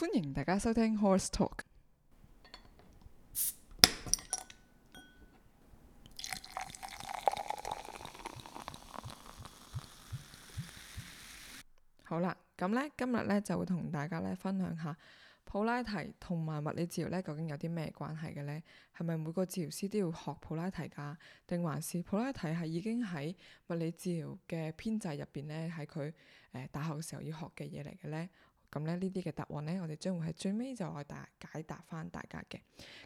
歡迎大家收聽《Horse Talk》好。好啦，咁呢，今日呢，就會同大家呢分享下普拉提同埋物理治療呢，究竟有啲咩關係嘅呢？係咪每個治療師都要學普拉提㗎？定還是普拉提係已經喺物理治療嘅編制入邊呢，喺佢、呃、大學嘅時候要學嘅嘢嚟嘅呢？咁咧呢啲嘅答案咧，我哋將會係最尾就可以答解答翻大家嘅。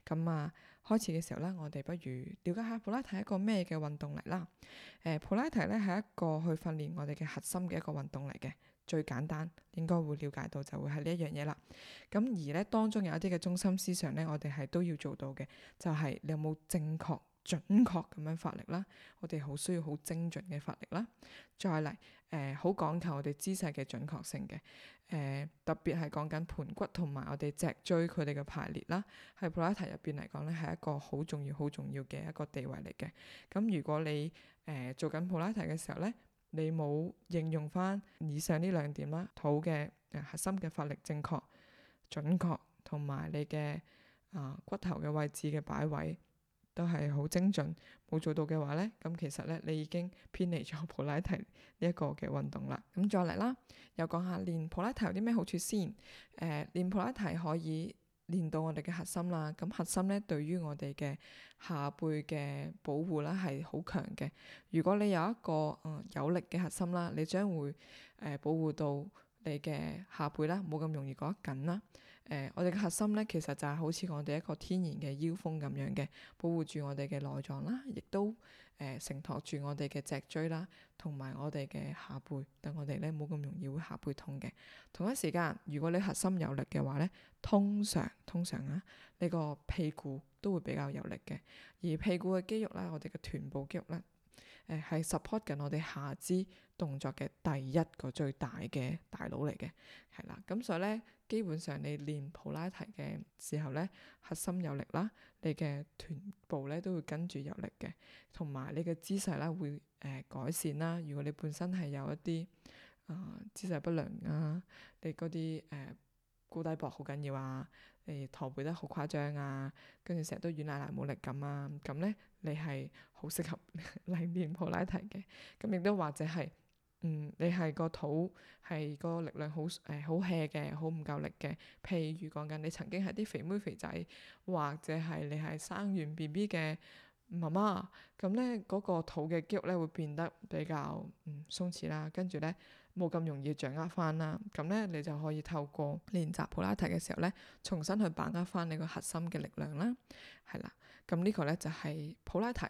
咁、嗯、啊，開始嘅時候咧，我哋不如了解下普拉提係一個咩嘅運動嚟啦。誒、嗯，普拉提咧係一個去訓練我哋嘅核心嘅一個運動嚟嘅，最簡單應該會了解到就會係、嗯、呢一樣嘢啦。咁而咧當中有一啲嘅中心思想咧，我哋係都要做到嘅，就係、是、你有冇正確。準確咁樣發力啦，我哋好需要好精準嘅發力啦。再嚟，誒、呃、好講求我哋姿勢嘅準確性嘅，誒、呃、特別係講緊盤骨同埋我哋脊椎佢哋嘅排列啦。喺普拉提入邊嚟講咧，係一個好重要、好重要嘅一個地位嚟嘅。咁如果你誒、呃、做緊普拉提嘅時候咧，你冇應用返以上呢兩點啦，肚嘅、呃、核心嘅發力正確、準確，同埋你嘅啊、呃、骨頭嘅位置嘅擺位，都係好精準，冇做到嘅話咧，咁其實咧你已經偏離咗普拉提呢一個嘅運動啦。咁再嚟啦，又講下練普拉提有啲咩好處先。誒、呃，練普拉提可以練到我哋嘅核心啦。咁核心咧對於我哋嘅下背嘅保護啦係好強嘅。如果你有一個嗯、呃、有力嘅核心啦，你將會誒、呃、保護到你嘅下背啦，冇咁容易覺得緊啦。誒、呃，我哋嘅核心咧，其實就係好似我哋一個天然嘅腰封咁樣嘅，保護住我哋嘅內臟啦，亦都誒、呃、承托住我哋嘅脊椎啦，同埋我哋嘅下背，等我哋咧冇咁容易會下背痛嘅。同一時間，如果你核心有力嘅話咧，通常通常啊，你個屁股都會比較有力嘅，而屁股嘅肌肉咧，我哋嘅臀部肌肉咧。誒，係 support 緊我哋下肢動作嘅第一個最大嘅大佬嚟嘅，係啦。咁所以咧，基本上你練普拉提嘅時候咧，核心有力啦，你嘅臀部咧都會跟住有力嘅，同埋你嘅姿勢咧會誒、呃、改善啦。如果你本身係有一啲啊、呃、姿勢不良啊，你嗰啲誒高低膊好緊要啊。誒，駝、呃、背得好誇張啊，跟住成日都軟拉拉冇力咁啊，咁咧你係好適合嚟練普拉提嘅，咁亦都或者係，嗯，你係個肚係個力量好誒好 hea 嘅，好、呃、唔夠力嘅，譬如講緊你曾經係啲肥妹肥仔，或者係你係生完 BB 嘅媽媽，咁咧嗰個肚嘅肌肉咧會變得比較嗯鬆弛啦，跟住咧。冇咁容易掌握翻啦，咁咧你就可以透過練習普拉提嘅時候咧，重新去把握翻你個核心嘅力量啦，係啦，咁呢個咧就係、是、普拉提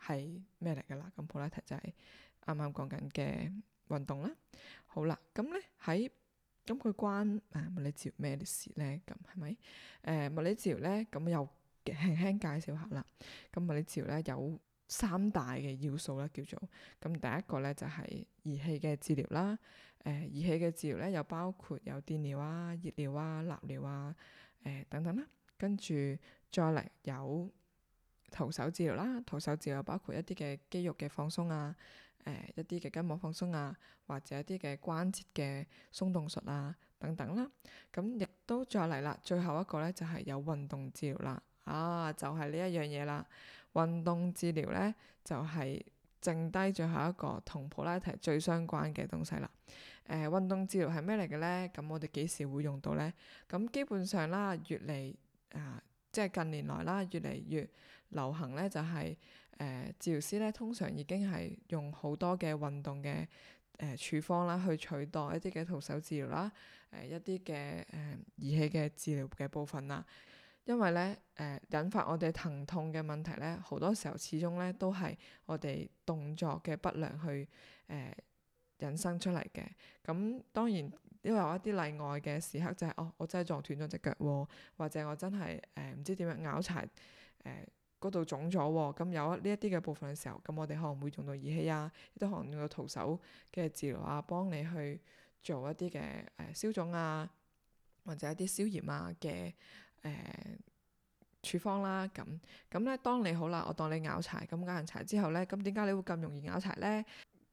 係咩嚟㗎啦？咁普拉提就係啱啱講緊嘅運動啦。好啦，咁咧喺咁佢關、啊、物理治療咩事咧？咁係咪？誒、呃、物理治療咧咁又輕輕介紹下啦。咁物理治療咧有三大嘅要素啦，叫做咁第一個咧就係儀器嘅治療啦，誒、呃，儀器嘅治療咧又包括有電療啊、熱療啊、蠟療啊，誒、呃、等等啦，跟住再嚟有徒手治療啦，徒手治療包括一啲嘅肌肉嘅放鬆啊，誒、呃、一啲嘅筋膜放鬆啊，或者一啲嘅關節嘅鬆動術啊等等啦，咁亦都再嚟啦，最後一個咧就係有運動治療啦，啊，就係呢一樣嘢啦。運動治療咧就係、是、剩低最後一個同普拉提最相關嘅東西啦。誒、呃，運動治療係咩嚟嘅咧？咁我哋幾時會用到咧？咁基本上啦，越嚟啊、呃，即係近年來啦，越嚟越流行咧、就是，就係誒治療師咧，通常已經係用好多嘅運動嘅誒、呃、處方啦，去取代一啲嘅徒手治療啦，誒、呃、一啲嘅誒儀器嘅治療嘅部分啦。因為咧，誒、呃，引發我哋疼痛嘅問題咧，好多時候始終咧都係我哋動作嘅不良去誒、呃、引生出嚟嘅。咁、嗯、當然，因為有一啲例外嘅時刻、就是，就係哦，我真係撞斷咗隻腳、哦，或者我真係誒唔知點樣咬柴誒嗰度腫咗。咁、呃哦嗯、有呢一啲嘅部分嘅時候，咁、嗯、我哋可能會用到儀器啊，亦都可能會用到徒手嘅治療啊，幫你去做一啲嘅誒消腫啊，或者一啲消炎啊嘅。誒、呃、處方啦，咁咁咧，當你好啦，我當你拗柴。咁拗完柴之後咧，咁點解你會咁容易拗柴咧？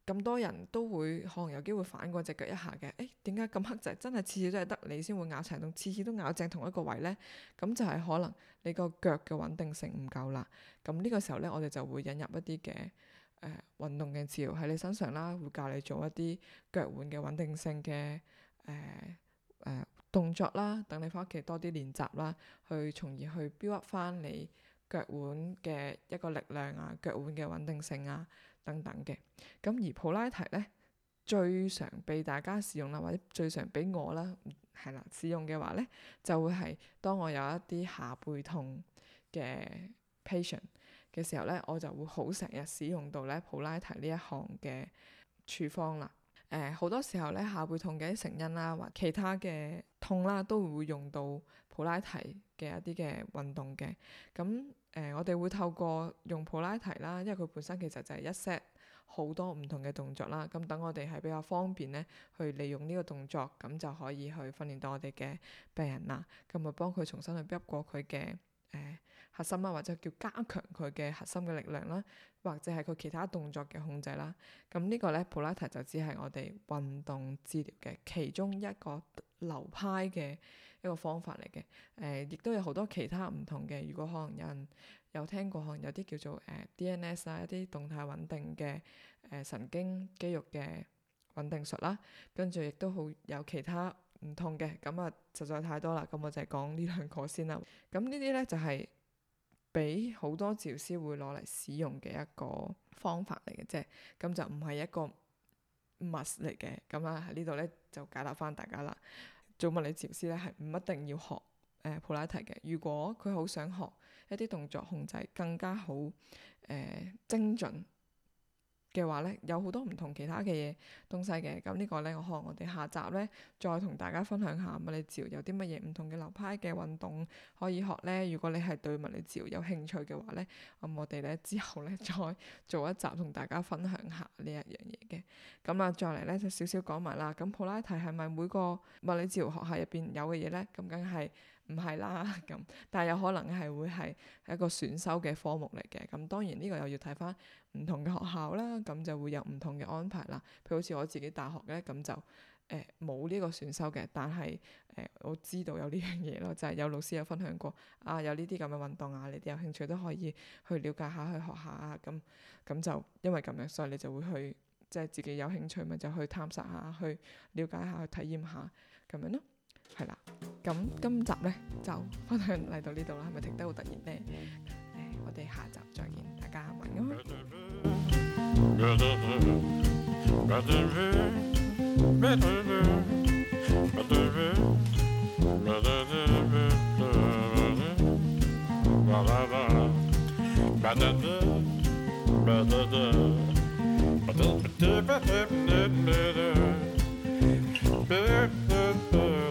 咁多人都會可能有機會反過隻腳一下嘅，誒點解咁黑仔？真係次次都係得你先會拗柴，同次次都拗正同一個位咧？咁就係可能你個腳嘅穩定性唔夠啦。咁呢個時候咧，我哋就會引入一啲嘅誒運動嘅治療喺你身上啦，會教你做一啲腳腕嘅穩定性嘅誒誒。呃呃動作啦，等你翻屋企多啲練習啦，去從而去 build up 翻你腳腕嘅一個力量啊、腳腕嘅穩定性啊等等嘅。咁而普拉提咧，最常被大家使用啦，或者最常俾我啦，係啦，使用嘅話咧，就會係當我有一啲下背痛嘅 patient 嘅時候咧，我就會好成日使用到咧普拉提呢一行嘅處方啦。誒好多時候咧，下背痛嘅一啲成因啦，或者其他嘅痛啦，都會用到普拉提嘅一啲嘅運動嘅。咁誒、呃，我哋會透過用普拉提啦，因為佢本身其實就係一 set 好多唔同嘅動作啦。咁等我哋係比較方便咧，去利用呢個動作，咁就可以去訓練到我哋嘅病人啦。咁咪幫佢重新去 rec 過佢嘅。誒、呃、核心啦，或者叫加強佢嘅核心嘅力量啦，或者係佢其他動作嘅控制啦。咁、嗯這個、呢個咧普拉提就只係我哋運動治療嘅其中一個流派嘅一個方法嚟嘅。誒、呃，亦都有好多其他唔同嘅。如果可能有人有聽過，可能有啲叫做誒、呃、DNS 啊，一啲動態穩定嘅誒、呃、神經肌肉嘅穩定術啦，跟住亦都好有其他，唔同嘅，咁啊，實在太多啦，咁我就係講呢兩個先啦。咁呢啲咧就係俾好多治療師會攞嚟使用嘅一個方法嚟嘅，即係咁就唔係一個 must 嚟嘅。咁啊，呢度咧就解答翻大家啦。做物理治療師咧係唔一定要學誒、呃、普拉提嘅，如果佢好想學一啲動作控制更加好誒、呃、精準。嘅話咧，有好多唔同其他嘅嘢東西嘅，咁呢個咧，我可能我哋下集咧，再同大家分享下物理治療有啲乜嘢唔同嘅流派嘅運動可以學咧。如果你係對物理治療有興趣嘅話咧，咁我哋咧之後咧再做一集同大家分享下呢一樣嘢嘅。咁啊，再嚟咧就少少講埋啦。咁普拉提係咪每個物理治療學校入邊有嘅嘢咧？咁梗係。唔係啦，咁但係有可能係會係一個選修嘅科目嚟嘅。咁當然呢個又要睇返唔同嘅學校啦，咁就會有唔同嘅安排啦。譬如好似我自己大學咧，咁就誒冇呢個選修嘅，但係誒、呃、我知道有呢樣嘢咯，就係、是、有老師有分享過啊，有呢啲咁嘅運動啊，你哋有興趣都可以去了解下去學下啊。咁咁就因為咁樣，所以你就會去即係、就是、自己有興趣咪就去探索下去了解下去體驗下咁樣咯，係啦。咁今集咧就分享嚟到呢度啦，係咪停得好突然咧？誒，我哋下集再見，大家晚安。